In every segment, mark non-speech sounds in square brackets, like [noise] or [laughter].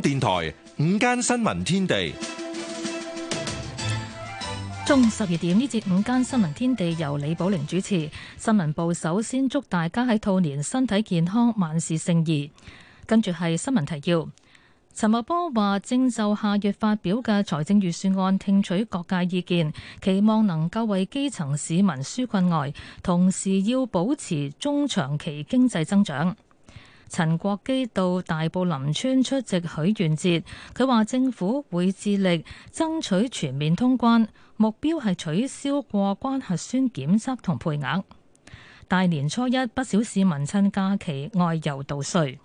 電台午間新聞天地，中午十二點，呢節午間新聞天地由李寶玲主持。新聞部首先祝大家喺兔年身體健康，萬事勝意。跟住係新聞提要，陳茂波話正就下月發表嘅財政預算案聽取各界意見，期望能夠為基層市民紓困外，同時要保持中長期經濟增長。陳國基到大埔林村出席許願節，佢話政府會致力爭取全面通關，目標係取消過關核酸檢測同配額。大年初一，不少市民趁假期外遊度歲。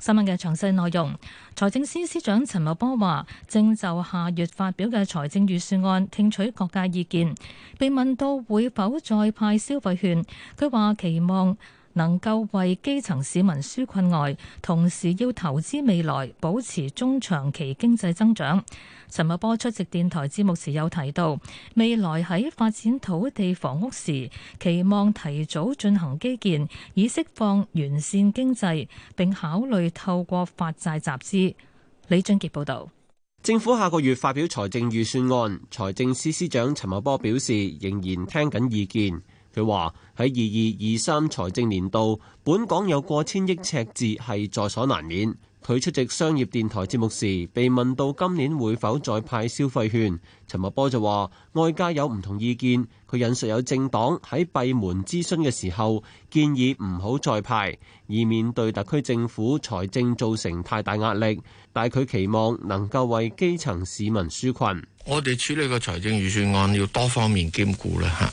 新聞嘅詳細內容，財政司司長陳茂波話正就下月發表嘅財政預算案聽取各界意見。被問到會否再派消費券，佢話期望。能夠為基層市民紓困外，同時要投資未來，保持中長期經濟增長。陳茂波出席電台節目時有提到，未來喺發展土地房屋時，期望提早進行基建，以釋放完善經濟，並考慮透過發債集資。李俊傑報導，政府下個月發表財政預算案，財政司司長陳茂波表示，仍然聽緊意見。佢話：喺二二二三財政年度，本港有過千億赤字係在所難免。佢出席商業電台節目時，被問到今年會否再派消費券，陳茂波就話：外界有唔同意見，佢引述有政黨喺閉門諮詢嘅時候建議唔好再派，以免對特區政府財政造成太大壓力。但佢期望能夠為基層市民紓困。我哋處理個財政預算案要多方面兼顧啦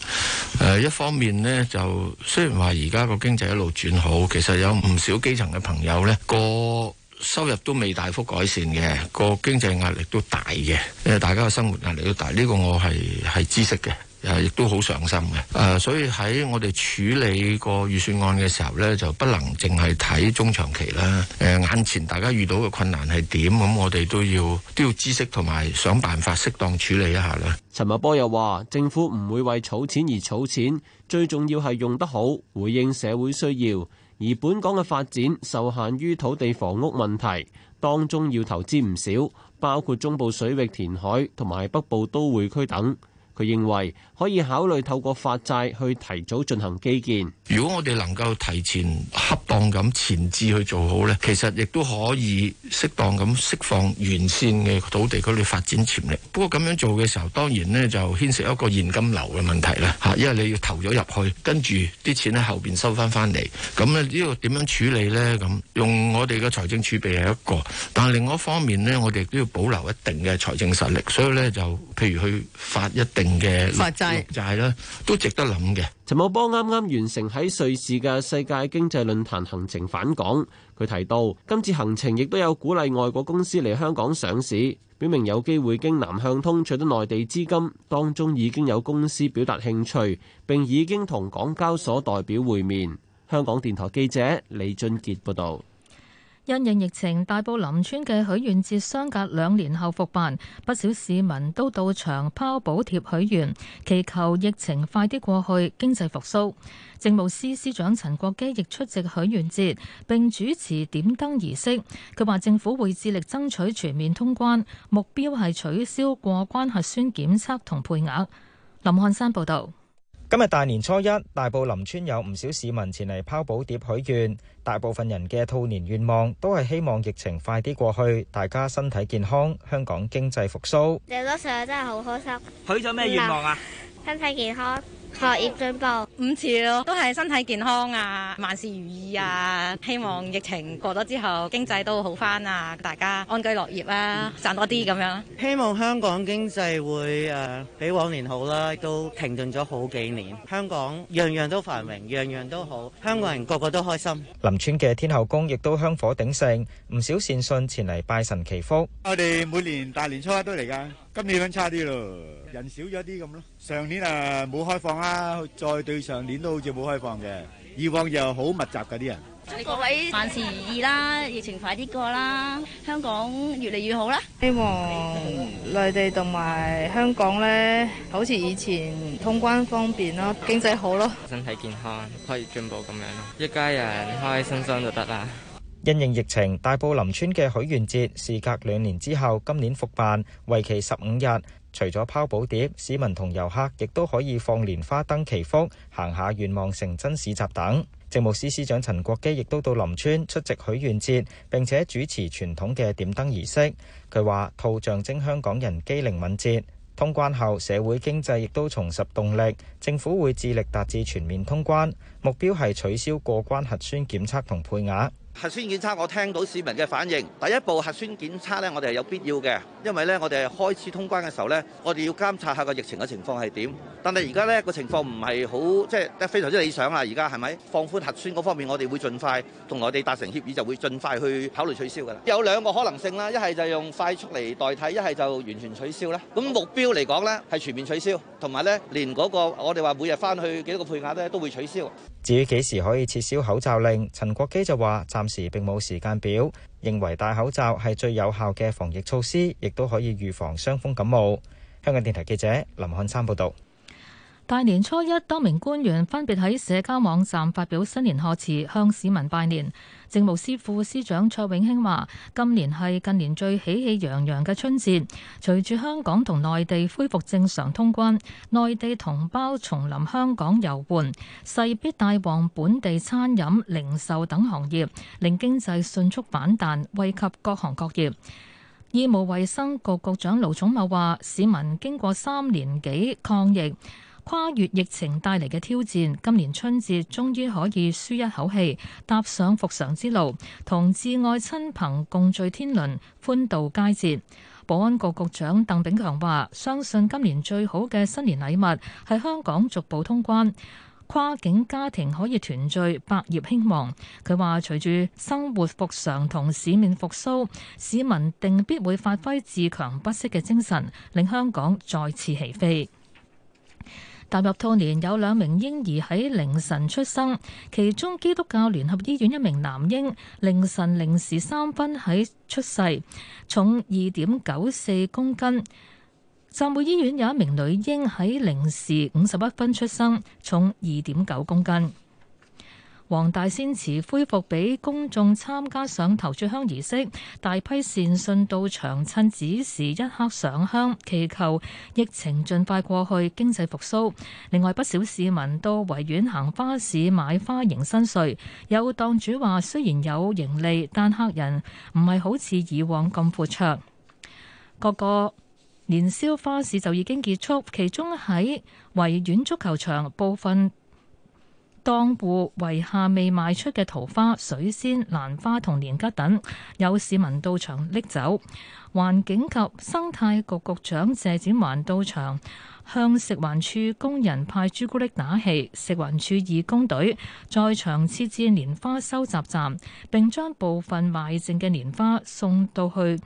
嚇。誒一方面呢，就雖然話而家個經濟一路轉好，其實有唔少基層嘅朋友呢過，收入都未大幅改善嘅，個經濟壓力都大嘅，誒，大家嘅生活壓力都大。呢、這個我係係知悉嘅，誒，亦都好上心嘅。誒、呃，所以喺我哋處理個預算案嘅時候咧，就不能淨係睇中長期啦。誒、呃，眼前大家遇到嘅困難係點？咁我哋都要都要知悉同埋想辦法適當處理一下啦。陳茂波又話：政府唔會為儲錢而儲錢，最重要係用得好，回應社會需要。而本港嘅發展受限於土地房屋問題，當中要投資唔少，包括中部水域填海同埋北部都會區等。佢認為可以考慮透過發債去提早進行基建。如果我哋能夠提前恰當咁前置去做好咧，其實亦都可以適當咁釋放原先嘅土地嗰啲發展潛力。不過咁樣做嘅時候，當然咧就牽涉一個現金流嘅問題啦。吓，因為你要投咗入去，跟住啲錢喺後邊收翻翻嚟，咁咧呢個點樣處理咧？咁用我哋嘅財政儲備係一個，但係另外一方面咧，我哋都要保留一定嘅財政實力。所以咧就譬如去發一定。嘅法制就係啦，都值得諗嘅。陳茂波啱啱完成喺瑞士嘅世界經濟論壇行程返港，佢提到今次行程亦都有鼓勵外國公司嚟香港上市，表明有機會經南向通取得內地資金，當中已經有公司表達興趣，並已經同港交所代表會面。香港電台記者李俊傑報道。因應疫情，大埔林村嘅許願節相隔兩年後復辦，不少市民都到場拋補貼許願，祈求疫情快啲過去，經濟復甦。政務司司長陳國基亦出席許願節並主持點燈儀式。佢話：政府會致力爭取全面通關，目標係取消過關核酸檢測同配額。林漢山報導。今日大年初一，大埔林村有唔少市民前嚟拋寶碟許願，大部分人嘅兔年願望都係希望疫情快啲過去，大家身體健康，香港經濟復甦。你咗上真係好開心。許咗咩願望啊、嗯？身體健康。學業進步，五次都係身體健康啊，萬事如意啊，嗯、希望疫情過咗之後，經濟都好返啊，大家安居樂業啦、啊，賺多啲咁樣。希望香港經濟會誒比往年好啦，都停頓咗好幾年，香港樣樣都繁榮，樣樣都好，香港人個個都開心。林村嘅天后宮亦都香火鼎盛，唔少善信前嚟拜神祈福，我哋每年大年初一都嚟㗎。今年差啲咯，人少咗啲咁咯。上年啊冇開放啊，再對上年都好似冇開放嘅，以往又好密集㗎啲人。祝各位萬事如意啦，疫情快啲過啦，香港越嚟越好啦。希望內地同埋香港咧，好似以前通關方便咯，經濟好咯，身體健康，可以進步咁樣咯，一家人開開心心就得啦。因應疫情，大埔林村嘅許願節事隔兩年之後，今年復辦，為期十五日。除咗拋寶碟，市民同遊客亦都可以放蓮花燈祈福，行下願望成真市集等。政務司司長陳國基亦都到林村出席許願節，並且主持傳統嘅點燈儀式。佢話：套象徵香港人機靈敏捷，通關後社會經濟亦都重拾動力，政府會致力達至全面通關，目標係取消過關核酸檢測同配額。核酸檢測，我聽到市民嘅反應。第一步核酸檢測呢，我哋係有必要嘅，因為呢，我哋開始通關嘅時候呢，我哋要監察下個疫情嘅情況係點。但係而家呢個情況唔係好即係非常之理想啊！而家係咪放寬核酸嗰方面，我哋會盡快同內地達成協議，就會盡快去考慮取消㗎啦。有兩個可能性啦，一係就用快速嚟代替，一係就完全取消啦。咁目標嚟講呢，係全面取消，同埋呢，連嗰個我哋話每日翻去幾多個配額呢，都會取消。至於幾時可以撤銷口罩令，陳國基就話暫。時並冇時間表，認為戴口罩係最有效嘅防疫措施，亦都可以預防傷風感冒。香港電台記者林漢山報道。大年初一，多名官員分別喺社交網站發表新年賀詞，向市民拜年。政務司副司長蔡永興話：今年係近年最喜氣洋洋嘅春節。隨住香港同內地恢復正常通關，內地同胞重臨香港遊玩，勢必帶旺本地餐飲、零售等行業，令經濟迅速反彈，惠及各行各業。醫務衛生局局長盧寵茂話：市民經過三年幾抗疫。跨越疫情帶嚟嘅挑戰，今年春節終於可以舒一口氣，踏上復常之路，同摯愛親朋共聚天倫，歡度佳節。保安局局長鄧炳強話，相信今年最好嘅新年禮物係香港逐步通關，跨境家庭可以團聚，百業興旺。佢話，隨住生活復常同市面復蘇，市民定必會發揮自強不息嘅精神，令香港再次起飛。踏入兔年有兩名嬰兒喺凌晨出生，其中基督教聯合醫院一名男嬰凌晨零時三分喺出世，重二點九四公斤；浸會醫院有一名女嬰喺零時五十一分出生，重二點九公斤。黃大仙祠恢復俾公眾參加上頭炷香儀式，大批善信到場趁子時一刻上香祈求疫情盡快過去、經濟復甦。另外，不少市民到維園行花市買花迎新歲，有檔主話雖然有盈利，但客人唔係好似以往咁闊綽。各個年宵花市就已經結束，其中喺維園足球場部分。檔戶遺下未賣出嘅桃花、水仙、蘭花同年桔等，有市民到場拎走。環境及生態局局長謝展環到場向食環署工人派朱古力打氣。食環署義工隊在場設置蓮花收集站，並將部分賣剩嘅蓮花送到去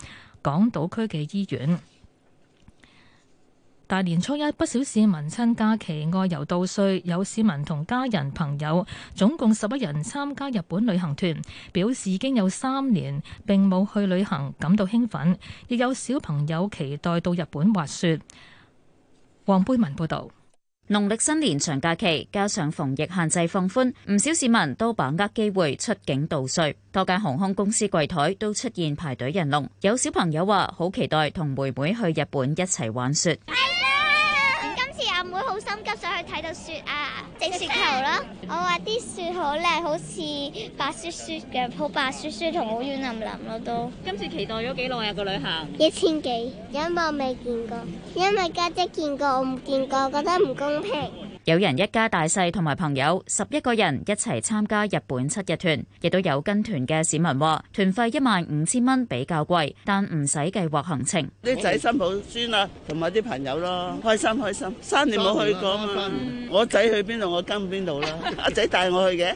港島區嘅醫院。大年初一，不少市民趁假期外遊度歲，有市民同家人朋友總共十一人參加日本旅行團，表示已經有三年並冇去旅行，感到興奮，亦有小朋友期待到日本滑雪。黃貝文報道，農曆新年長假期加上防疫限制放寬，唔少市民都把握機會出境度歲，多間航空公司櫃台都出現排隊人龍，有小朋友話好期待同妹妹去日本一齊玩雪。阿妹好心急想去睇到雪啊，整雪球咯！ [laughs] 我話啲雪好靚，好似白雪雪嘅好白雪雪同好軟淋淋咯都。今次期待咗幾耐啊？個旅行一千幾，因為我未見過，因為家姐，姐見過我唔見過，覺得唔公平。有人一家大細同埋朋友十一個人一齊參加日本七日團，亦都有跟團嘅市民話團費一萬五千蚊比較貴，但唔使計劃行程。啲仔、新抱、孫啊，同埋啲朋友咯，開心開心。三年冇去過嘛，嗯嗯。我仔去邊度我跟邊度啦。阿仔帶我去嘅。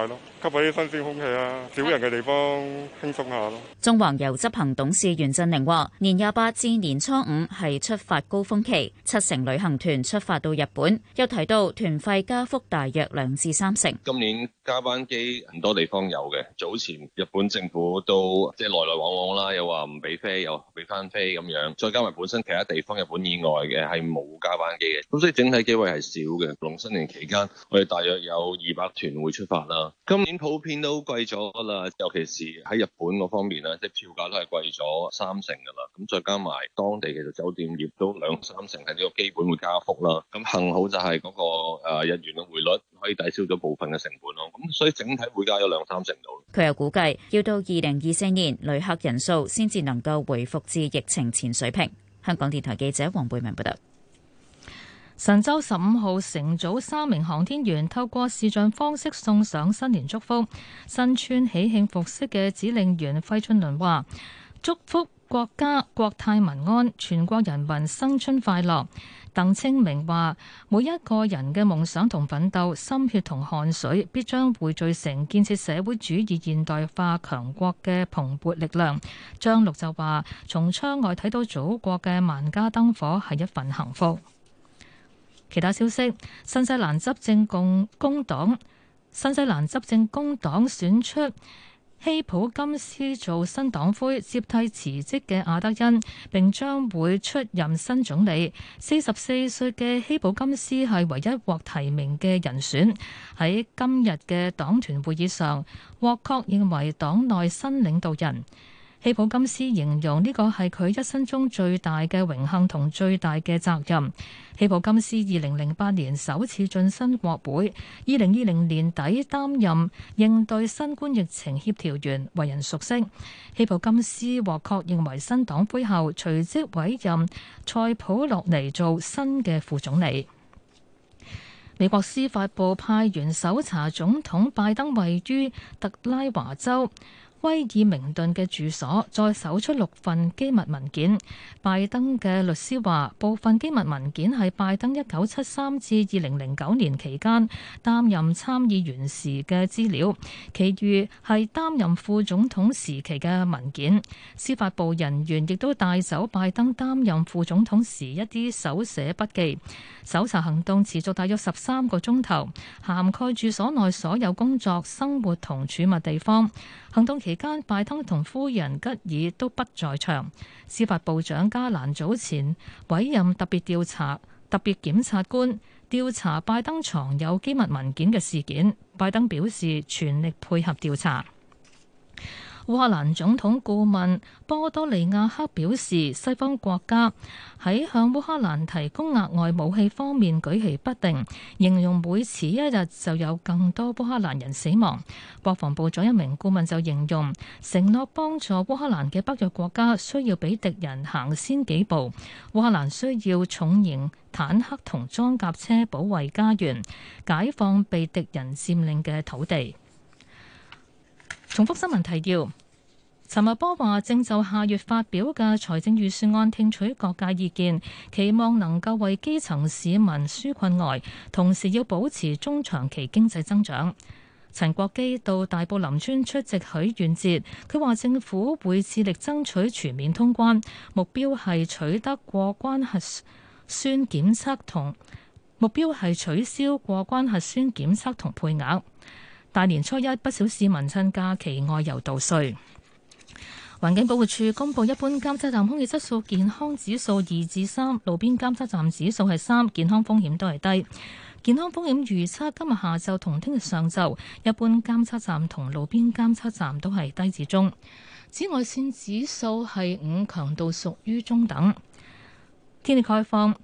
係咯，吸下啲新鮮空氣啊，少人嘅地方輕鬆下咯。縱橫遊執行董事袁振寧話，年廿八至年初五係出發高峯期，七成旅行團出發到日本。又提到團費加幅大約兩至三成。今年加班機很多地方有嘅，早前日本政府都即係來來往往啦，又話唔俾飛，又俾翻飛咁樣。再加埋本身其他地方日本以外嘅係冇加班機嘅，咁所以整體機會係少嘅。農新年期間，我哋大約有二百團會出發啦。今年普遍都貴咗啦，尤其是喺日本嗰方面咧，即係票價都係貴咗三成噶啦。咁再加埋當地嘅酒店業都兩三成係呢個基本會加幅啦。咁幸好就係嗰個誒日元嘅匯率可以抵消咗部分嘅成本咯。咁所以整體會加咗兩三成度，佢又估計要到二零二四年旅客人數先至能夠回復至疫情前水平。香港電台記者黃貝文報道。神舟十五號乘組三名航天員透過視像方式送上新年祝福。身穿喜慶服飾嘅指令員費俊龍話：祝福國家國泰民安，全國人民新春快樂。鄧清明話：每一個人嘅夢想同奮鬥、心血同汗水，必將匯聚成建設社會主義現代化強國嘅蓬勃力量。張陸就話：從窗外睇到祖國嘅萬家燈火係一份幸福。其他消息，新西蘭執政共工黨，新西蘭執政工黨選出希普金斯做新黨魁，接替辭職嘅阿德恩，並將會出任新總理。四十四歲嘅希普金斯係唯一獲提名嘅人選。喺今日嘅黨團會議上，獲確認為黨內新領導人。希普金斯形容呢個係佢一生中最大嘅榮幸同最大嘅責任。希普金斯二零零八年首次晉身國會，二零二零年底擔任應對新冠疫情協調員為人熟悉。希普金斯獲確認為新黨魁後隨即委任塞普洛尼做新嘅副總理。美國司法部派員搜查總統拜登位於特拉華州。威爾明頓嘅住所再搜出六份機密文件。拜登嘅律師話：部分機密文件係拜登一九七三至二零零九年期間擔任參議員時嘅資料，其餘係擔任副總統時期嘅文件。司法部人員亦都帶走拜登擔任副總統時一啲手寫筆記。搜查行動持續大約十三個鐘頭，涵蓋住所內所有工作、生活同儲物地方。行動期間，拜登同夫人吉爾都不在場。司法部長加蘭早前委任特別調查、特別檢察官調查拜登藏有機密文件嘅事件。拜登表示全力配合調查。烏克蘭總統顧問波多利亞克表示，西方國家喺向烏克蘭提供額外武器方面舉棋不定，形容每遲一日就有更多烏克蘭人死亡。國防部長一名顧問就形容，承諾幫助烏克蘭嘅北約國家需要俾敵人行先幾步，烏克蘭需要重型坦克同裝甲車保衛家園，解放被敵人佔領嘅土地。重複新聞提要。陳茂波話，正就下月發表嘅財政預算案聽取各界意見，期望能夠為基層市民紓困外，同時要保持中長期經濟增長。陳國基到大埔林村出席許願節，佢話政府會致力爭取全面通關，目標係取得過關核酸檢測，同目標係取消過關核酸檢測同配額。大年初一，不少市民趁假期外遊度歲。環境保護署公布，一般監測站空氣質素健康指數二至三，路邊監測站指數係三，健康風險都係低。健康風險預測今日下晝同聽日上晝，一般監測站同路邊監測站都係低至中。紫外線指數係五，強度屬於中等。天氣概況，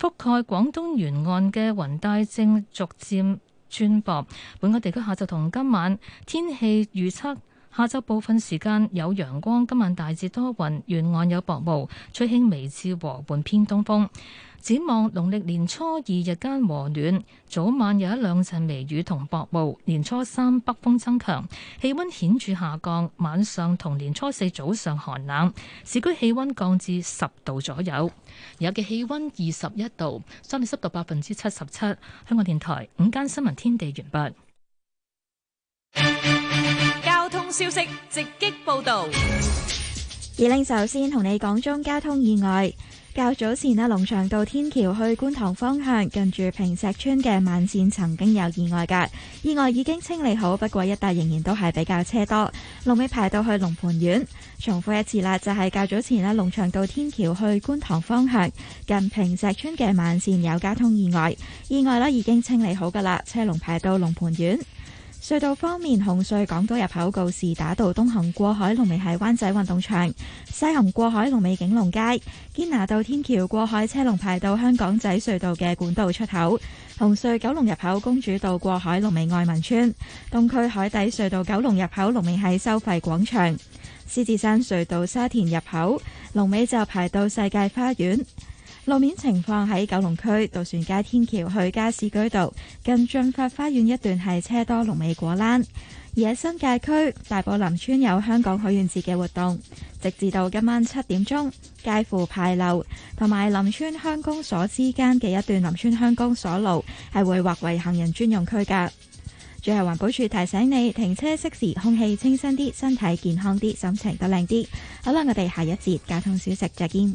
覆蓋廣東沿岸嘅雲帶正逐漸。轉薄。本港地區下晝同今晚天氣預測：下晝部分時間有陽光，今晚大致多雲，沿岸有薄霧，吹輕微至和緩偏東風。展望農曆年初二日間和暖，早晚有一兩陣微雨同薄霧。年初三北風增強，氣溫顯著下降，晚上同年初四早上寒冷，市區氣溫降至十度左右，有嘅氣溫二十一度，相對濕度百分之七十七。香港電台午間新聞天地完畢。交通消息直擊報道，宜玲首先同你講中交通意外。較早前啊，龍翔道天橋去觀塘方向，近住平石村嘅慢線曾經有意外嘅，意外已經清理好，不過一帶仍然都係比較車多，龍尾排到去龍蟠苑。重複一次啦，就係較早前咧，龍翔道天橋去觀塘方向，近平石村嘅慢線有交通意外，意外咧已經清理好噶啦，車龍排到龍蟠苑。隧道方面，紅隧港島入口告士打道東行過海龍尾喺灣仔運動場，西行過海龍尾景隆街，堅拿道天橋過海車龍排到香港仔隧道嘅管道出口。紅隧九龍入口公主道過海龍尾愛民村，東區海底隧道九龍入口龍尾喺收費廣場，獅子山隧道沙田入口龍尾就排到世界花園。路面情況，喺九龍區渡船街天橋去加士居道近駿發花園一段係車多龍尾果欄。而喺新界區大埔林村有香港許願節嘅活動，直至到今晚七點鐘，介乎牌樓、同埋林村鄉公所之間嘅一段林村鄉公所路係會劃為行人專用區噶。最後環保署提醒你停車熄匙，空氣清新啲，身體健康啲，心情都靚啲。好啦，我哋下一節交通消息再見。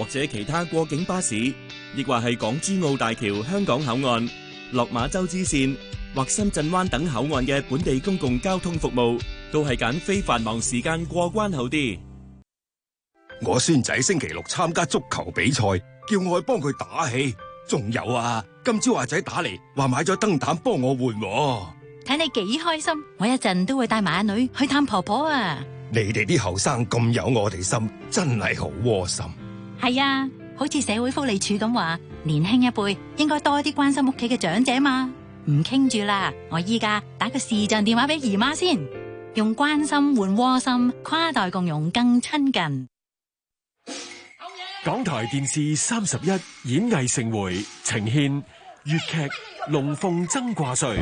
或者其他過境巴士，亦或係港珠澳大橋、香港口岸、落馬洲支綫或深圳灣等口岸嘅本地公共交通服務，都係揀非繁忙時間過關好啲。我孫仔星期六參加足球比賽，叫我去幫佢打氣。仲有啊，今朝阿仔打嚟話買咗燈膽幫我換喎。睇你幾開心，我一陣都會帶埋阿女去探婆婆啊。你哋啲後生咁有我哋心，真係好窩心。係啊，好似社會福利署咁話，年輕一輩應該多啲關心屋企嘅長者嘛。唔傾住啦，我依家打個視像電話俾姨媽先，用關心換窩心，跨代共融更親近。港台電視三十一演藝盛會，呈現粵劇《龍鳳爭掛帥》。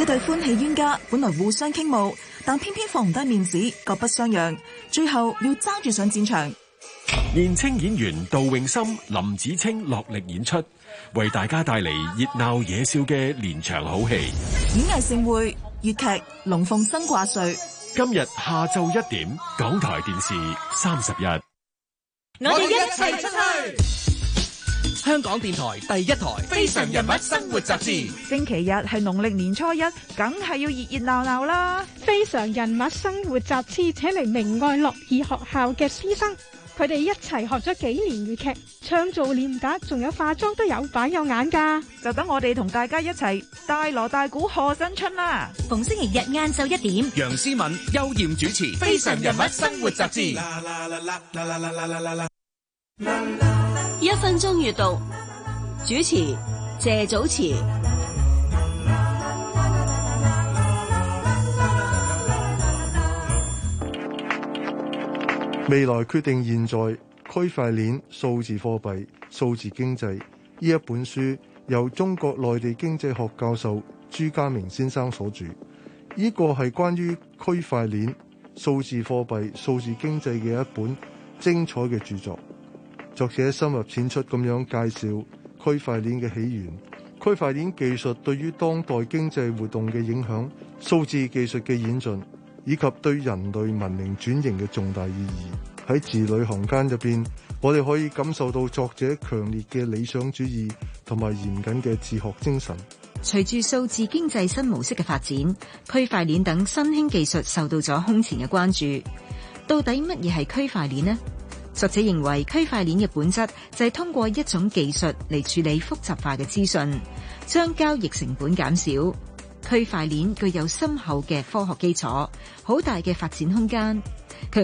一對歡喜冤家本來互相傾慕，但偏偏放唔低面子，各不相讓，最後要爭住上戰場。年青演員杜永森、林子清落力演出，為大家帶嚟熱鬧野笑嘅連場好戲。演藝盛會，粵劇《龍鳳生掛帥》今日下晝一點，港台電視三十一。我哋一齊出去。香港電台第一台非一熱熱鬧鬧《非常人物生活雜誌》。星期日係農曆年初一，梗係要熱熱鬧鬧啦！《非常人物生活雜誌》請嚟明愛樂義學校嘅師生。佢哋一齊學咗幾年粵劇，唱做念打，仲有化妝都有板有眼噶，就等我哋同大家一齊大鑼大鼓賀新春啦！逢星期日晏晝一點，楊思敏、邱艷主持《非常人物生活雜誌》。一分鐘閱讀主持謝祖慈。未來決定現在，區塊鏈、數字貨幣、數字經濟呢一本書，由中國內地經濟學教授朱家明先生所著。呢個係關於區塊鏈、數字貨幣、數字經濟嘅一本精彩嘅著作。作者深入淺出咁樣介紹區塊鏈嘅起源、區塊鏈技術對於當代經濟活動嘅影響、數字技術嘅演進。以及對人類文明轉型嘅重大意義，喺字裏行間入邊，我哋可以感受到作者強烈嘅理想主義同埋嚴謹嘅治學精神。隨住數字經濟新模式嘅發展，區塊鏈等新興技術受到咗空前嘅關注。到底乜嘢係區塊鏈呢？作者認為區塊鏈嘅本質就係通過一種技術嚟處理複雜化嘅資訊，將交易成本減少。區塊鏈具有深厚嘅科學基礎，好大嘅發展空間。佢